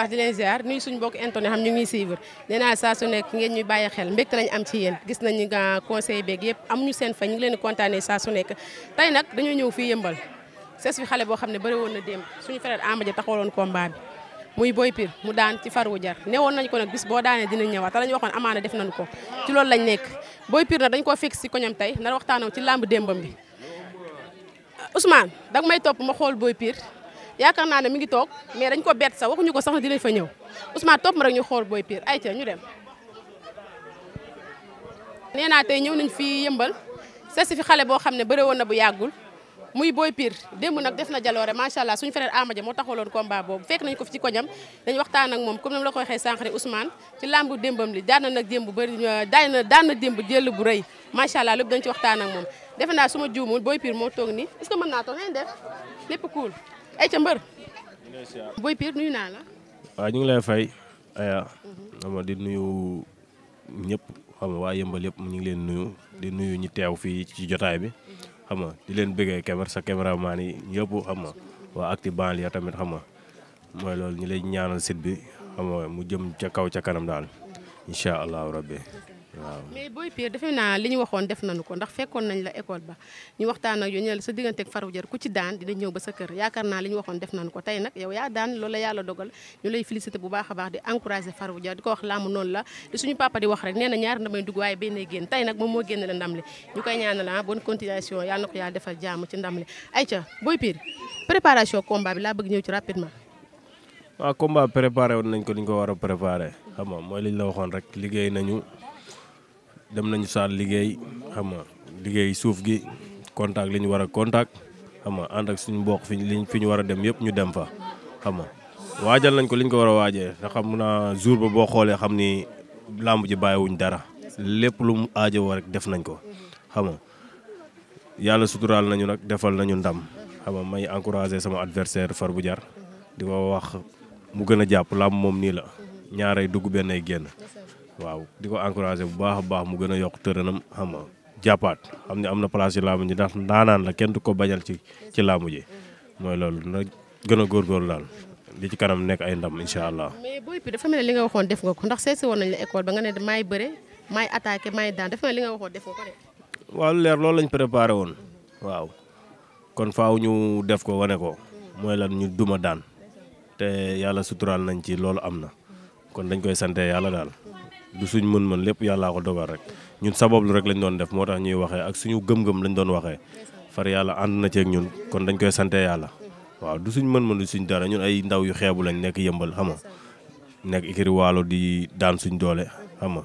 baax di leen ziar nuyu suñu mbokk intone xam ñu ngi suivre nee naa saa su nekk ngeen ñuy bàyyi xel mbégte lañ am ci yéen gis nañu nga conseil beeg yëpp amuñu seen fa ñu ngi leen di kontaanee saa su nekk tey nag xale boo xam ne bëri woon na démb suñu frère Ama Dia taxawaloon combat bi muy boy pir mu daan ci faru jar ne woon nañ ko nag bis boo daanee dinañ ñëwaat te lañu waxoon amaana def nañu ko ci loolu lañ nekk boy pir nag dañ koo fekk si koñam tey nar waxtaanoo ci làmb démbam bi Ousmane danga may topp ma xool boy pir yaakaar naa ne mi ngi toog mais dañ ko bett sax waxuñu ko sax ne fa ñëw Ousmane topp ma rek ñu xool Boy Pire ñu dem. nee naa tey ñëw nañ fi yëmbal seesi fi xale boo xam ne bëre woon bu yàggul muy Boy Pire démb nag def na jaloore macha allah suñu frère Ama Dia moo taxawaloon combat boobu fekk nañ ko fi ci koñam moom comme ni la ko waxee sànq ne Ousmane ci làmbu démbam li na nag démb bëri daan na daan na démb bu rëy macha allah dañ ci waxtaan ak moom. defe naa su ma juumul Boy Pire moo toog nii est-ce que mën naa toog ngeen def lépp cool. ay mbër. Boy Pire nuyu naa la. waaw ñu ngi lay fay. aya xam nga di nuyu ñëpp xam nga waa yëmbal yëpp ñu ngi leen nuyu di nuyu ñu teew fii ci jotaay bi xam nga di leen bëggee caméra sa caméraman yi ñëpp xam nga waa Actu Banlieue tamit xam nga mooy loolu ñu lay ñaanal site bi xam nga mu jëm ca kaw ca kanam daal incha allahu rabbi waaw mais booy Pire defe naa li ñu waxoon def nañu ko ndax fekkoon nañ la école ba ñu waxtaan ak yow ñu ne la sa digganteeg faru jër ku ci daan dina ñëw ba sa kër yaakaar naa li ñu waxoon def nañu ko tey nag yow yaa daan loolu la yàlla dogal ñu lay félicité bu baax a baax di encouragé faru jër di ko wax laamu noonu la di suñu papa di wax rek nee na ndamay dugg waaye benn génn tey nag moom moo génn la ndam li ñu koy ñaanal ah bonne continuation yàlla na ko yàlla defal jàmm préparation combat bi laa bëgg ñëw ci rapidement waaw combat préparé woon nañ ko li ñu ko war a préparé xam nga mooy liñ la waxoon rek liggéey nañu dem nañu saal liggéey xam nga liggéey suuf gi contact li ñu war a contact xam ànd ak suñ mbokk fi liñ fi ñu war a dem yëpp ñu dem fa xam waajal nañ ko liñ ko war a waajee ndax xam naa jour ba boo xoolee xam ni làmb ji bàyyiwuñ dara lépp lu mu aajowoo rek def nañ ko xam nga yàlla suturaal nañu nag defal nañu ndam xam may encouragé sama adversaire far bu jar di ko wax mu gën a jàpp làmb moom nii la ñaaray dugg benn ay génn waaw di ko encouragé bu baax a baax mu gën a yokk tërënam xam nga jàppaat xam ne am na place ci laamu ji ndax ndaanaan la kenn du ko bañal ci ci laamu ji mooy loolu na gën a góorgóorlu daal li ci kanam nekk ay ndam incha allah. mais booy bi dafa mel ne li nga waxoon def nga ko ndax seet si woon nañ la école ba nga ne maay bëre maay attaqué maay daan dafa mel li nga waxoon def nga ko de. waaw leer loolu lañ préparé woon waaw kon faaw ñu def ko wane ko mooy lan ñu duma daan te yàlla suturaal nañ ci loolu am na kon dañ koy sante yàlla daal. du suñ mën-mën lépp yàllaa ko dogal rek ñun sabablu rek lañ doon def moo tax ñuy waxee ak suñu gëm-gëm lañ doon waxee far yàlla ànd na ci ñun kon dañ koy sante yàlla waaw du suñ mën-mën du suñ dara ñun ay ndaw yu xeebu lañ nekk yëmbal xam nga nekk ikiri waalo di daan suñ doole xam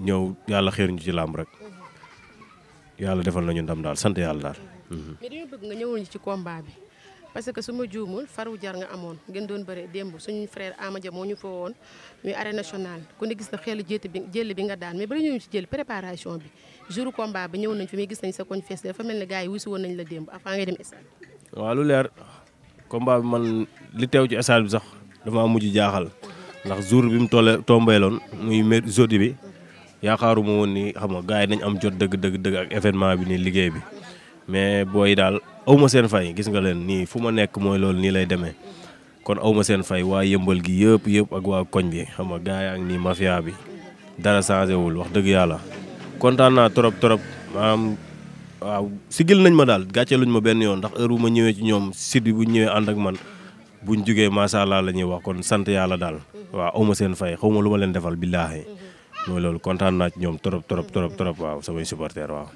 ñëw yàlla xeer ñu ci làmb rek yàlla defal nañu ndam daal sante yàlla daal. parce que su ma juumul faru jar nga amoon ngeen doon bëre démb suñu frère Amadia moo ñu fa woon muy arène nationale ku ne gis na xeelu jéeti bi jël bi nga daan mais bala ñëw ci jël bi jour combat bi ñëw nañ fi muy gis nañ sa koñ fees dafa mel ne gars yi wusu woon nañ la démb avant ngay dem stade. waaw lu leer combat bi man li teew ci stade bi sax dafa mujj jaaxal ndax jour bi mu tollee tombeeloon muy jeudi bi yaakaaruma woon ni xam nga gars yi nañ am jot dëgg dëgg dëgg ak événement bi nii liggéey bi mais booy daal. aw ma seen fay gis nga leen nii fu ma nekk mooy loolu nii lay demee kon aw ma seen fay waa yëmbal gi yëpp yëpp ak waa koñ bi xam nga gars yaa ngi nii mafia bi dara changé wul wax dëgg yàlla kontaan naa trop trop maanaam waaw nañ ma daal gàcce luñ ma benn yoon ndax heure bu ma ñëwee ci ñoom sit bi bu ñëwee ànd ak man jugee macha allah la ñuy wax kon sant yàlla daal waaw aw ma seen fay xaw ma lu ma leen defal billaahi mooy loolu kontaan naa ci ñoom trop trop trop trop waaw samay supporter waaw.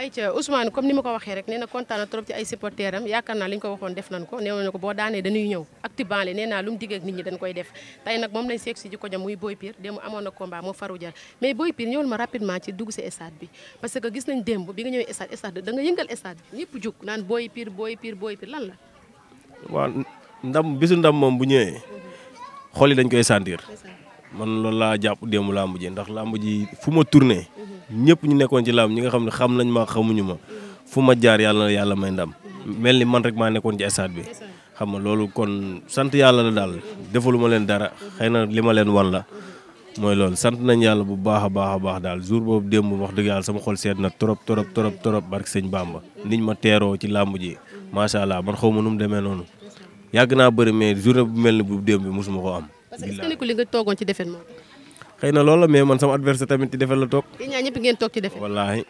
ayca Ousmane comme ni ma ko waxee rek nee na kontaan na trop ci ay supporters am yaakaar naa li ñu ko waxoon def nañ ko nee na ko boo daanee dañuy ñëw activement le nee naa lu mu digg ak nit ñi dañ koy def tey nag moom lañ seeg si ji ko jam muy Boy démb amoon na combat moo faru jar mais Boy Pire ñëwal ma rapidement ci dugg si stade bi parce que gis nañ démb bi nga ñëwee stade stade da nga naan Boy Pire Boy Pire Boy lan bisu ndam moom bu ñëwee mhm. xool man loolu laa jàpp démb làmb ji ndax làmb ji fu ma tourné ñëpp ñu nekkoon ci làmb ñi nga xam ne xam nañ ma xamuñu ma fu ma jaar yàlla yàlla may ndam mel ni man rek maa nekkoon ci stade bi xam nga loolu kon sant yàlla la daal defalu leen dara xëy na li ma leen wan la mooy loolu sant nañ yàlla bu baax a baax a baax daal jour boobu démb wax dëgg yàlla sama xol seet na trop trop trop trop barke sëñ Bamba niñ ma teeroo ci làmb ji macha allah man xaw ma nu mu demee noonu yàgg naa bëri mais journée bu mel ni bu démb bi mosuma ko am parce que est-ce que nekkul li nga toogoon ci na loolu mais man sama adversaire tamit ci defet la toog. yéen ñaa ñëpp ngeen toog ci defet. wallaahi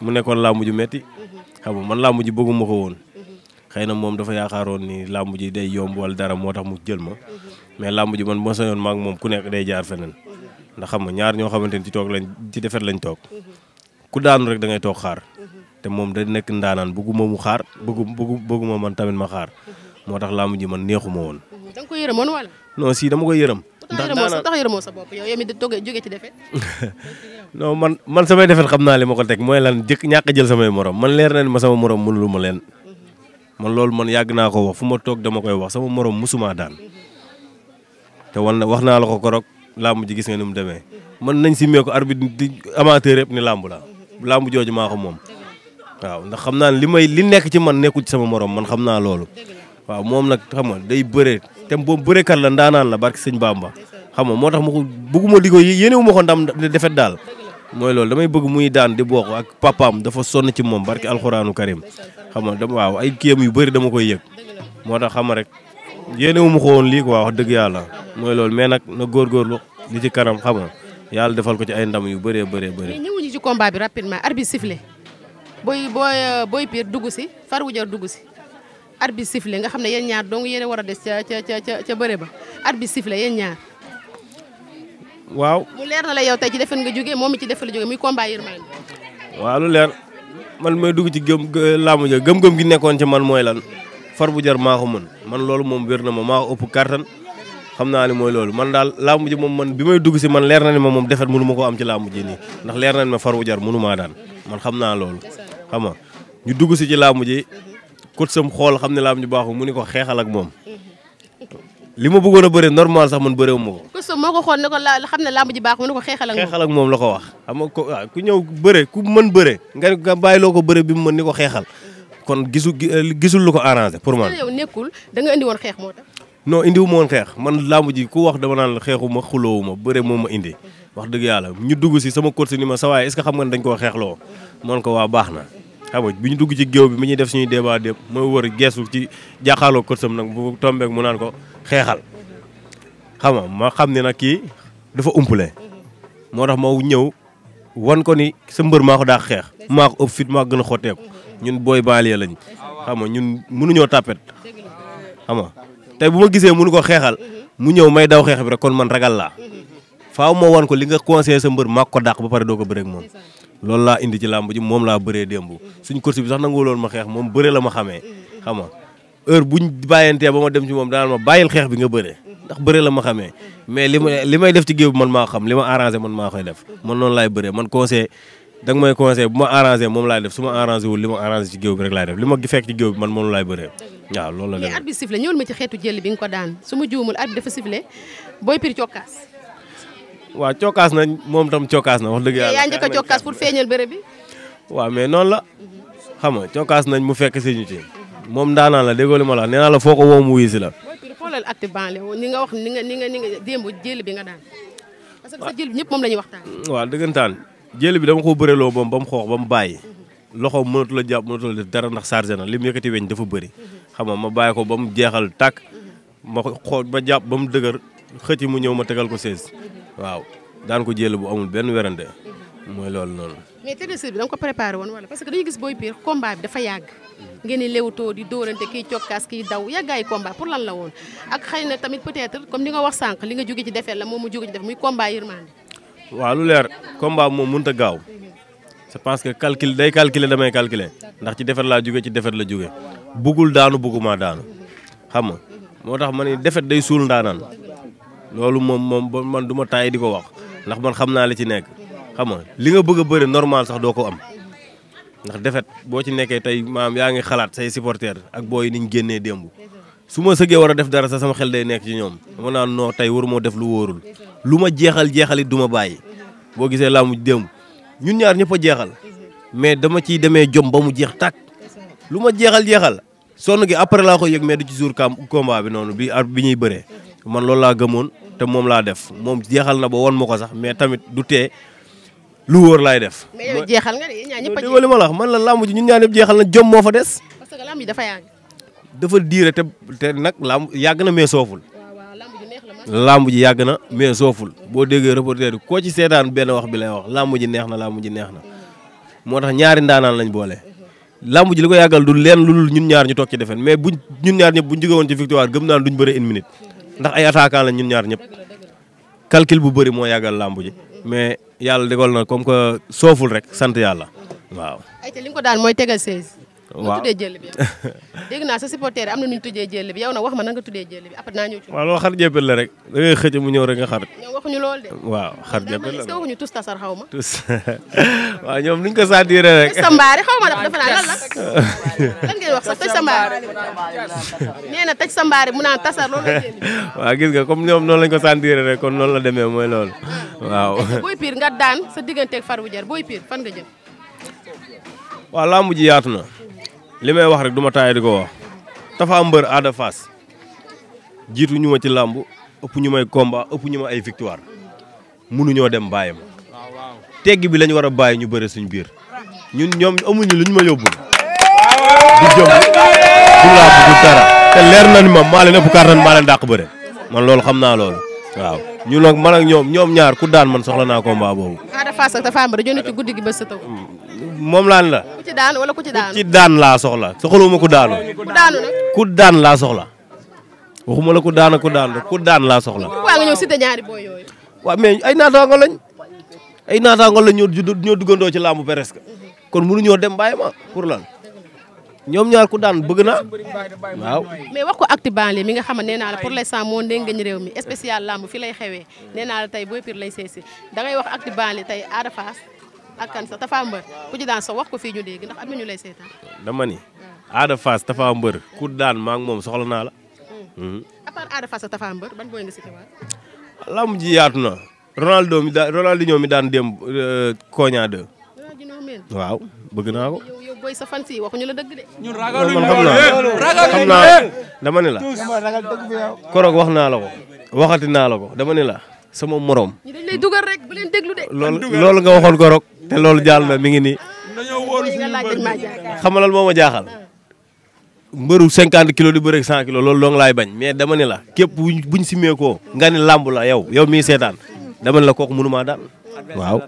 mu nekkoon laa ju metti mhm. xam nga man laa ji bëgguma ko woon. Mhm. xëy na moom dafa yaakaaroon ni làmb ji day yomb wala dara moo tax mu jël ma. Mhm. mais laa ji man ma sañoon maak moom ku nekk day jaar feneen. ndax xam ma ñaar ñoo xamante ni ci toog lañ ci defet lañ toog. ku daanu rek da ngay toog xaar. te moom da nekk ndaanaan bëgguma mu xaar bëggu bëggu bëgguma man tamit ma xaar. moo tax laa ji man neexuma woon. non si dama koy yërëm. ndax daanaka tax yërëmoo sa bopp yow yow mii di ci defet. non man man samay defet xam naa li ma ko teg mooy lan jëkk ñàkk jël samay morom man leer na ma sama morom mënulu ma leen. Mhm. man loolu man yàgg naa ko wax fu ma toog dama koy wax sama moroom musuma daan. Mhm. te wan na wax naa la ko korog làmb ji gis nga ni mu demee mën nañ simmee ko arbitre di amateur yëpp ni làmb la mhm. làmb jooju maa ko moom. waaw ndax xam naa ne li may li nekk ci man nekkul ci sama moroom man xam naa loolu. waaw moom nag xam nga day bëre te boobu bërekat la ndaanaan la barke sëñ baam xam nga moo tax ma ko bëgguma di ko yéenewu ma ko ndam defet daal mooy loolu damay bëgg muy daan di bokk ak papaam dafa sonn ci moom barke alxuraanu karim xam nga dama waaw ay kiyam yu bëri dama koy yëg moo tax xam rek yéenewu ma ko woon lii quoi wax dëgg yàlla mooy loolu mais nag na góorgóorlu li ci kanam xam nga yàlla defal ko ci ay ndam yu bëree bëree bëri. mais ñëwuñu ci combat bi rapidement arbitre sifflé booy booy booy dugg si far wujar dugg si arbitre sifflé nga xam ne yéen ñaar dong yéen a war a des ca ca ca bëre ba arbitre sifflé yéen ñaar. waaw mu leer na la yow tey ci defen nga jógee moom mi ci defen la jógee muy combat yërmande. man may dugg ci gëm laamu ja gëm-gëm gi nekkoon ci man mooy lan far bu jar maa ko mën man loolu moom wér na ma maa ko ëpp xam naa ne mooy loolu man daal laamu ji moom man bi may dugg si man leer na ne ma moom defet mënu ma am ci laamu ji nii ndax leer na ne ma far bu jar mënu maa daan man xam naa loolu xam nga si ci laamu coach sam xool xam ne laam ñu baaxul mu ni ko xeexal ak moom li ma bëggoon a bëre normal sax man bëreewu ma ko. coach sam moo ko xam ne lamb ji baaxul mu ne ko xeexal ak moom ak moom la ko wax xam ko ah, ku ñëw bëre ku mën bëre nga nga bàyyi loo ko bëre bi mu mën ni ko xeexal kon gisu eh, gisul lu ko arrangé pour man. nekkul da nga indi woon xeex moo tax. non indiwu ma woon xeex man lamb ji ku wax dama naan xeexu ma xulóowu ma bëre moo ma indi wax dëgg yàlla ñu dugg si sama coach ni ma sa waay xam nga dañ koo xeexloo moon ko waa baax na xam nga ñu dugg ci géew bi mi ñuy def suñuy débat dépp mooy wër geesu ci jàkkaarloo korsam nag bu tombeek mu naan ko xeexal xam nga ma xam ne nag kii dafa umpale moo tax ma ñëw wan ko ni sa mbër maa ko daa xeex maa ko ëpp fit ñun booy baale lañ xam nga ñun mënuñoo tàppet xam nga tey bu gisee mënu ko xeexal mu ñëw may daw xeex bi rek kon man ragal laa moo wan ko li nga conseillé sa mbër maa ko dàq ba pare doo ko bëreeg moom loolu laa indi ci làmb ji moom laa bëree démb suñ course bi sax nangu loolu ma xeex moom bëre la ma xamee xam nga heure buñ bàyyantee ba ma dem ci moom daal ma bàyyil xeex bi nga bëre ndax bëre la ma xamee mais li li may def ci géew bi maa xam li ma arrangé man maa koy def man noonu laay bëree man conseil danga may conseil bu moom laay def su ma arrangé wul li ma arrangé ci géew bi rek laay def li ma fekk ci géew bi man moom laay bëree waaw loolu la mais arbitre bi sifflé ñëwul ma ci xeetu jël bi nga ko daan su ma juumul arbitre dafa sifflé booy pir cokkaas waaw cokkaas nañ moom tam cokkaas na wax dëgg yàlla. yaa njëkk a cokkaas pour feeñal béréb bi. waaw mais noonu la xam nga cokkaas nañ mu fekk si ñu moom daanaan la déggoo li ma la wax la foo ko woo mu wuyu la. xoolal acte ni nga wax ni nga ni nga ni nga jël bi nga daan. parce que jël bi ñëpp moom la ñuy waxtaan. waaw dëggantaan jël bi dama ko bëreloo moom ba mu xoox ba mu bàyyi. Mhm. loxo mënatu la jàpp mënatu la def dara ndax chargé na li mu yëkkati weñ dafa bëri. xam ma bàyyi ko ba mu jeexal tàkk ma xoo ma jàpp ba mu dëgër xëcc mu ñëw ma tegal ko 16 waaw daan ko jël bu amul benn werante mooy loolu noonu. mais télévision bi da ko préparé woon wala parce que dañu gis booy piir combat bi dafa yàgg. ngeen di léwtoo di dóorante kiy cokkaas kiy daw yàggaay combat pour lan la woon ak xëy na tamit peut-être comme li nga wax sànq li nga jóge ci defee la moom mu jóge ci def muy combat yërmande. waaw lu leer combat moom mënut a gaaw. je parce que calcul day calculer damay calculer ndax ci defet laa jóge ci defet la jóge buggul daanu buggumaa daanu xam nga moo tax ma ne defet day suul ndaanaan loolu moom moom man du ma taay di ko wax ndax man xam naa la ci nekk xam nga li nga bëgg a bëri normal sax doo ko am ndax defet boo ci nekkee tey maam yaa ngi xalaat say supporters ak booy niñ génnee démb su ma sëggee war a def dara sax sama xel day nekk ci ñoom dama naan noo tey warumoo def lu wóorul lu ma jeexal jeexalit du ma bàyyi boo gisee laa mu démb ñun ñaar ñëpp a jeexal mais dama ciy demee jom ba mu jeex takk lu ma jeexal jeexal sonn gi après laa ko yëg mais ci jour kam combat bi noonu bi ar bi ñuy bëree loolu laa gëmoon te moom laa def moom jeexal na ba won ma ko sax mais tamit du tee lu woor laay def. mais yow jeexal nga a ma la man la làmb ji ñun ñaa jeexal na jom moo fa des. parce que làmb ji dafa yàgg. dafa diire nag làmb yàgg na mais sooful. làmb ji yàgg na mais sooful boo déggee reporter koo ci benn wax bi lay wax làmb ji neex na làmb ji neex na moo tax ñaari ndaanaan lañ boole. làmb ji li ko yàggal ñun ñaar ñu toog ci defen mais buñ ñun ñaar ñëpp buñ jóge woon ci victoire gëm naan duñ bëre une minute. ndax ay attaquant la ñun ñaar ñëpp bu bëri moo yàggal làmb ji mais yàlla digal na comme que sooful rek sant yàlla waaw. waaw nga tuddee jël bi na nu ñu tuddee jël bi yow na wax ma na nga tuddee jël bi après naa ñëw ci. waaw loolu xar jëppel lool de. waaw xar tasar xaw ma. tus waaw ñoom nuñ ko sentiré rek. tës sambaari xaw ma dafa naa na tëj sambaari mu naan tasar loolu la jël. waaw gis nga comme ñoom noonu lañ ko sentiré rek la demee mooy loolu waaw. booy piir nga daan far wu jar booy fan nga jëm. waaw lamb ji na li ma wax rek du ma taay di ko wax Tapha Mbeur Ada Fass ñu ma ci làmb ëpp ñu may combat ëpp ñu ma ay victoire mënuñoo dem bàyyi ma tegg bi lañ war a bàyyi ñu bëre suñ biir ñun ñoom amuñu luñ ma yóbbul du jom du laa bu dara te leer na ni ma maa leen ëpp kàttan maa leen dàq man loolu xam naa loolu waaw ñu nag man ak ñoom ñaar ku daan man soxla naa combat boobu. Ada Fass ak Tapha Mbeur guddi gi ba moom laan la. ku ci daan wala ku ci daan ku ci daan laa soxla soxlawuma ku daanu. ku daanu nag ku daan laa soxla. waxuma la ku daan ku daan ku daan laa soxla. pourquoi nga ñëw cité ñaari booy yooyu. waaw mais ay naataango lañ ay naataango lañ ñoo ñoo duggandoo ci làmb presque kon mënuñoo dem bàyyi ma pour lan. ñoom ñaar ku daan bëgg na waaw. mais wax ko acte banlieue mi nga xam ne nee naa la pour l'instant moo ndéngañ réew mi spécial lamb fi lay xewee nee naa la tey booy pir lay seesi da ngay wax acte banlieue tey Ada Fass ak kan sax Tapha Mbeur daan sax fii ñu dégg na ñu lay dama ni. Ada Fass Tapha moom soxla naa la. Hmm. à part Ada Fass ak Tapha Mbeur ban booy yaatu mi daan Ronaldinho mi daan démb euh, waaw bëgg naa ko. xam naa dama ne la. korog wax naa la ko. waxati naa la ko dama la sama morom. ñu dañ lay dugal rek bu te loolu jaal na mi ngi nii. xamalal moo ma jaaxal. mbëru 50 kilos di bëreeg 100 loolu dong laay bañ mais dama ne la képp buñ simee koo nga ne làmb la yow yow mii seetaan dama ne la kooku mënumaa daan waaw.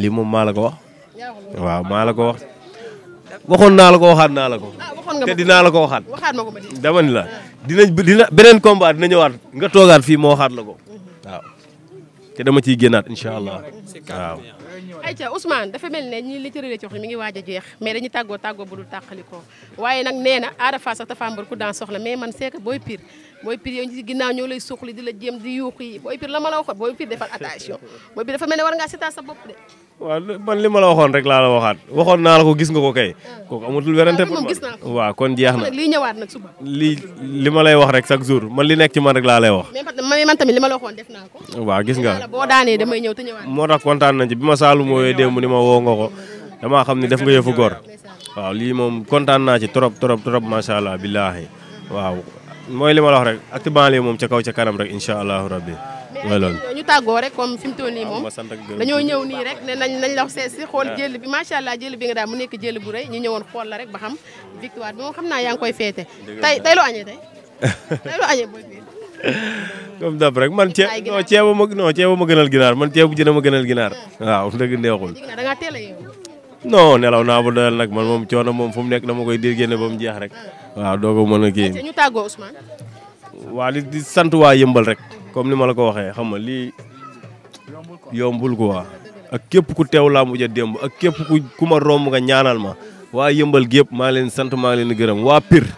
lii moom maa la ko wax waaw maa la ko wax naa la ko waxaat naa la ko. Ah, te dinaa la ko waxaat. dama ni la dinañ dina beneen combat dina ñëwaat nga toogaat fii moo waxaat la ko waaw. te dama ciy génnaat incha allah ayca Ousmane dafa mel ne ñi li tërale ci mi ngi waaj a jeex mais dañu tàggoo tàggoo bu dul tàqalikoo waaye nag nee na Ada Fass sax dafa soxla mais man seeka booy pir booy pir yow ci ginnaaw ñoo lay suuxli di la jéem di yuuxi booy pir la la waxoon booy pir defal attention booy pir dafa mel ne war ngaa bopp de waaw man li ma la waxoon rek laa la waxaat waxoon naa la ko gis nga ko kay. Ah. kooku amatul werante pour ah, man waaw kon jeex na lii ñëwaat nag suba. li ma lay wax rek chaque jour man li nekk ci man rek laa lay wax. man tamit li la waxoon def naa ko. waaw gis nga boo daanee moo tax kontaan na ci bi ma saalu mooyee démb ni ma woo nga ko damaa xam ne def nga yëfu góor waaw lii moom kontaan naa ci trop trop trop macha allah billaahi waaw mooy li ma la wax rek actuellement lii moom ca kaw ca kanam rek incha allah rabbi voilà ñu tàggoo rek comme fi mu toll nii ah, moom dañoo ñëw nii rek ne nañ nañ la wax seet si xool ah. jël bi macha allah jël bi nga mu nekk jël bu rëy ñu ñëwoon xool la rek ba xam victoire bi moom xam naa yaa ngi koy feete tey tey loo añee tey tey loo añee comme dab rek man ceeb non ceebu ma non ceebu ma gënal ginaar man ceebu jën ma gënal ginaar hmm. waaw dëgg neexul non nelaw naa ba doyal nag man moom coono moom fu mu nekk dama koy dir génne ba mu rek hmm. waaw doo ko mën a kii ñu tàggoo Ousmane waa li di sant waa yëmbal rek hmm. comme ni ma la ko waxee xam nga lii yombul quoi ak képp ku teew laa mujj a démb ak képp ku ku ma romb nga ñaanal ma waa yëmbal gépp maa leen sant maa leen gërëm waa Pire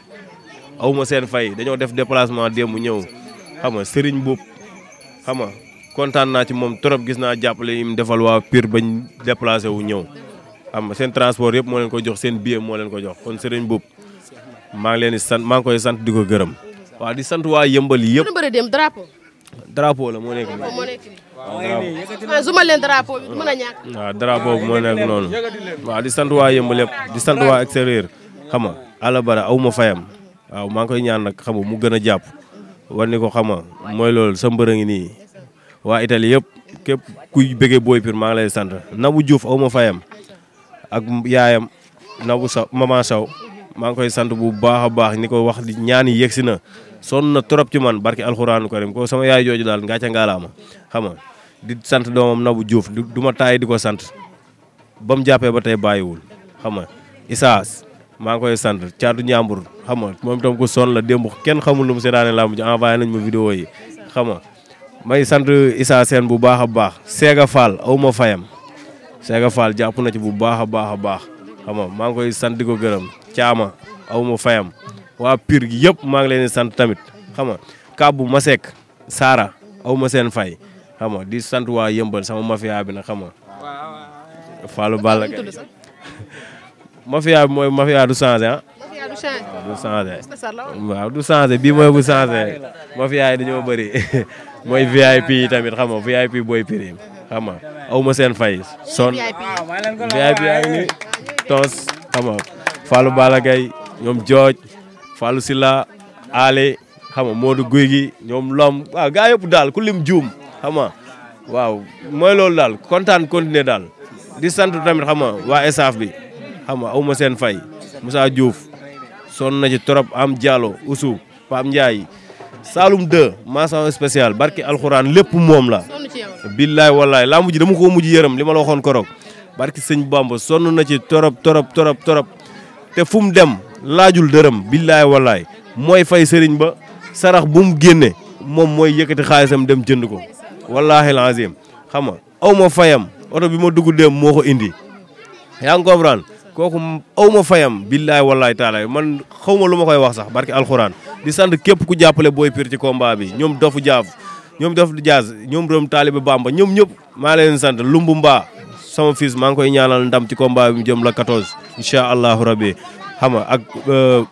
aw ma seen fay dañoo def déplacement démb ñëw xam nga Serigne Boub xam nga kontaan naa ci moom trop gis naa jàppale yi mu defal waa bañ déplacé wu ñëw xam nga seen transport yëpp moo leen ko jox seen billet moo leen ko jox kon Serigne Boub maa ngi leen di maa ngi koy sant di ko gërëm. waa di sant waa yëmbal yëpp. drapeau la moo nekk nii. waaw noonu. waaw di sant waa yëmb lépp di sant waa extérieur xam nga ala bara aw ma fayam waaw maa ngi koy ñaan nag xam mu gën a jàpp. war ni ko xam nga mooy loolu sa mbër a ngi nii waa Italie yëpp képp kuy bëggee Boy Pire maa ngi lay sant Nabou Diouf aw ma fayam ak yaayam Nabou Sow maman Sow maa ngi koy sant bu baax a baax ni ko wax di ñaan yi na. sonn na trop ci man barki alxuraanu karim ko sama yaay jooju daal ngaa ca ngaalaama xam nga di sant doomam Nabou Diouf du ma taay di ko sant ba mu jàppee ba tey bàyyiwul xam nga Issa maa ngi koy sant caatu njàmbur xam moom itam ko sonn la démb kenn xamul lu mu bu laa mujj envoyé nañ ma vidéo yi xam nga may sant Issa Sène bu baax a baax Sega Fall aw ma fayam Sega faal jàpp na ci bu baax a baax a baax maa ngi koy sant di ko gërëm caama aw ma fayam waa pir gi yëpp maa ngi leen sant tamit xam nga Masek Saara aw ma seen fay xam nga di sant waa yëmbal sama mafia bi nag xam nga. Fallou Balla Gaye mafia bi mooy mafia ah. dañoo bëri VIP tamit xam nga VIP booy Pire xam nga aw ma son VIP yaa ngi Tons xam nga Fallou Balla Gaye Fallou Silla Ale xam nga Modou Guy gi ñoom Lom waaw gaa yëpp daal ku lim juum xam waaw mooy loolu daal kontaan continuer daal di sant tamit xam waa esaaf bi xam nga awma seen fay Moussa Diouf sonn na ci trop am Diallo Ousou Pape Ndiaye Saloum 2 mention spéciale barki alxuraan lépp moom la billaay wallaay laa mujj dama ko mujj yërëm li ma la waxoon korog barki sëñ Bamba sonn na ci torop torop torop torop te fu mu dem laajul dërëm billaay wallaay mooy fay sëriñ ba sarax bu mu génne moom mooy yëkkati xaalisam dem jënd ko wallaahi lazim xam nga aw ma fayam oto bi ma dugg dem moo ko indi yaa ngi comprendre kooku aw ma fayam billaay wallaay taala man xaw ma lu ma koy wax sax barki alxuraan di sant képp ku jàppale booy Pire ci combat bi ñoom dofu jaaf ñoom dof jaaz ñoom rëm taalibe ba ñoom ñëpp maa leen sant lumbu mbaa sama fils maa ngi koy ñaanal ndam ci combat mu jëm la 14 incha allahu rabbi xam nga ak euh,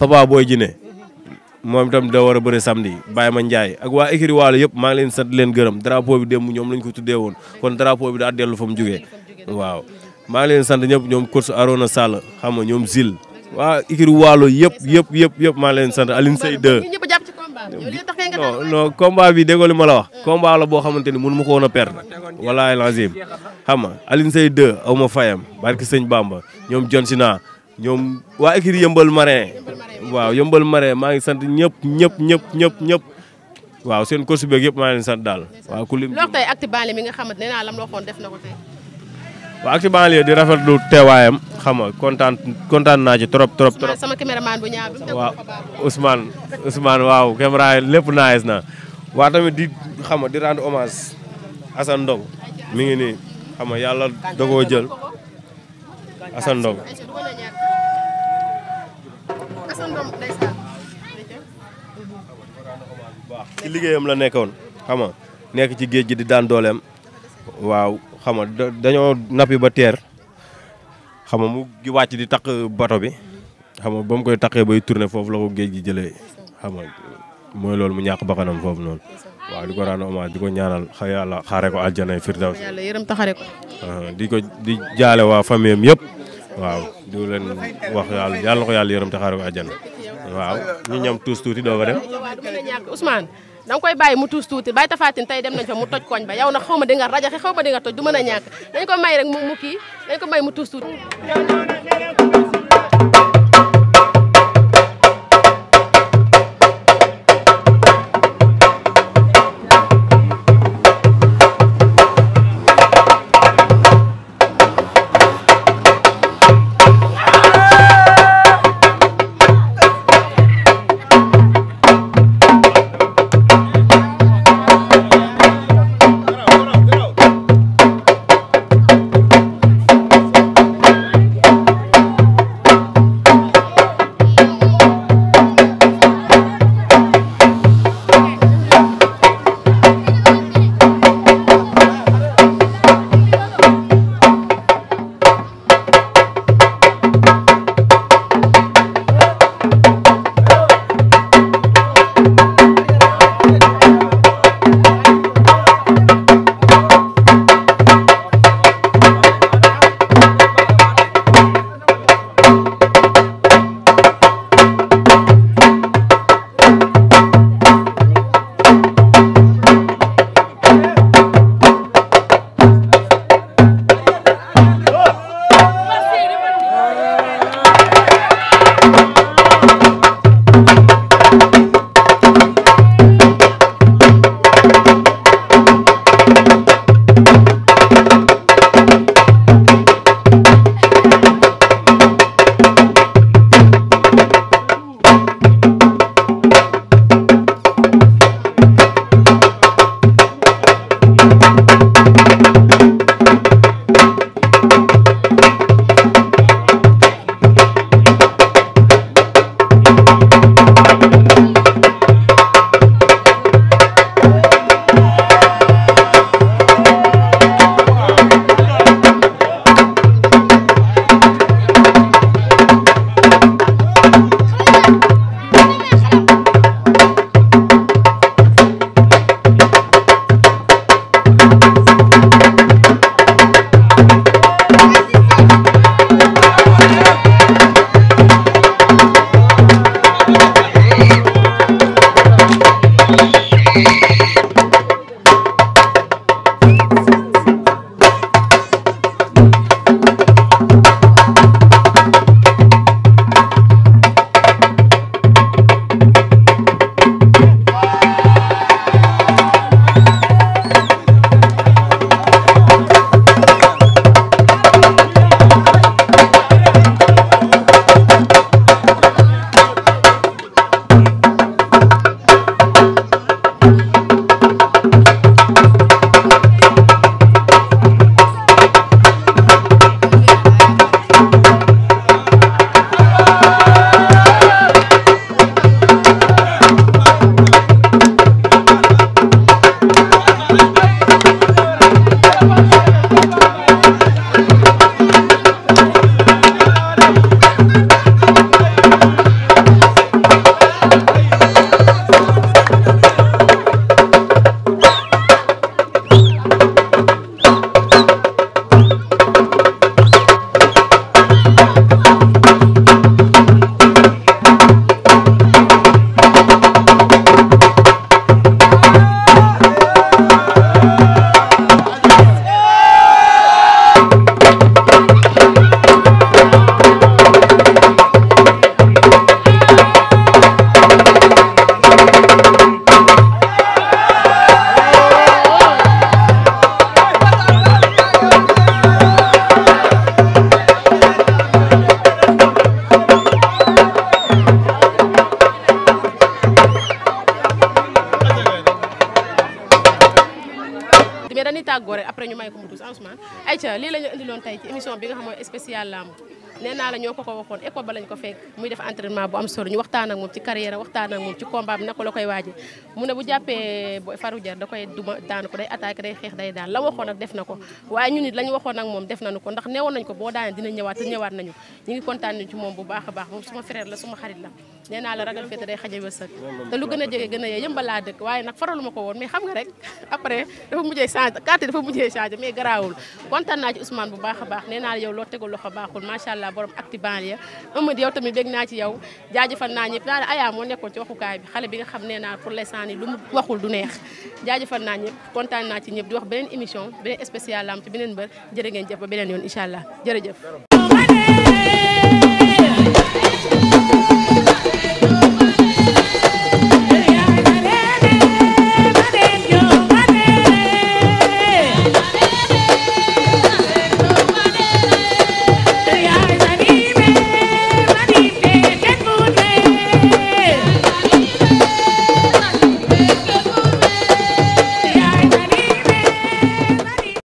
Papa booy Djiné moom itam da war a bëre samedi Baye Ma Ndiaye ak waa écurie Waalo yëpp maa leen sant leen gërëm drapeau bi démb ñoom lañ ko tuddee woon kon drapeau bi daa dellu fa mu jógee waaw maa leen sant ñëpp ñoom coach Arona Sall xam nga ñoom Zil waa écurie Waalo yëpp yëpp yëpp yëpp maa leen sant Aline Seye 2 non non combat bi déggoo li ma la wax combat la boo xamante ni mënu ma ko woon a perdre wallaahi lazim xam nga Aline Seye aw ma fayam barki sëñ Bamba ñoom John Sina ñoom waa écurie yëmbal marin waaw yëmbal marin maa ngi sant ñëpp ñëpp ñëpp ñëpp ñëpp waaw seen course beeg yëpp maa ngi leen sant daal waaw ku lim lox tey acte banlieue mi nga xamante ne naa lam la waxoon def na ko tey waaw acte banlieue di rafetlu teewaayam xam nga kontaan kontaan naa ci trop trop trop sama caméraman bu ñaaw waaw Ousmane Ousmane waaw caméra lépp naagis na waa tamit di xam nga di rendre hommage Assane Ndong mi ngi nii xam nga yàlla da koo jël Assane Ndong ci liggéeyam la nekkoon xam nekk ci géej gi di daan dooleem waaw xam nga dañoo nappi ba teer xam nga mu gi wàcc di takk bato bi xam nga ba mu koy takkee bay tourné foofu la ko géej gi jële xam mooy loolu mu ñàkk bakkanam foofu noonu waaw di ko rendre hommage di ko ñaanal yàlla xaare ko aljanay firdaws yàlla di ko di jaale waa famille am yëpp waaw di leen wax yàlla yàlla ko yàlla yërëm te xaaral ko àjjana waaw ñu ñam tuus tuuti doo ko dem. Ousmane da nga koy bàyyi mu tuus tuuti Baye Tafatine tey dem nañ fa mu toj koñ ba yow na xaw ma di nga rajaxe xaw ma di nga toj du mën a ñàkk dañ ko may rek mu kii dañ ko may mu tuus tuuti. tàggoo rek après ñu may ko mu dus Ousmane ayca lii la ñu indiloon tey ci émission bi nga xam mooy spécial lamb nee naa la ko ko waxoon école ba lañ ko fekk am solo ko day xeex day daan la waxoon ak def na ko waaye ñu nit nañu ko boo daane dina ñëwaat te ñëwaat nañu ñu ngi kontaan ci moom bu baax baax moom suma frère la suma xarit la nee naa la ragal fee te day xaje wërsëg te lu gën a jege gën a yee yëmbal laa dëkk waaye nag faralu ma ko woon mais xam nga rek après dafa mujjee changé carte dafa mujjee changé mais garaawul kontaan naa ci Ousmane bu baax a baax nee naa la yow loo tegul loxo baaxul macha allah borom acti banlieue Amady yow tamit bég naa ci yow jaajëfal naa ñëpp naa la ayaa moo nekkoon ci waxukaay bi xale bi nga xam nee naa pour l'instant ni lu mu waxul du neex jaajëfal naa ñëpp kontaan naa ci ñëpp di wax beneen émission beneen spécial laam ci beneen mbër jërë ngeen jëf ba beneen yoon incha allah jërëjëf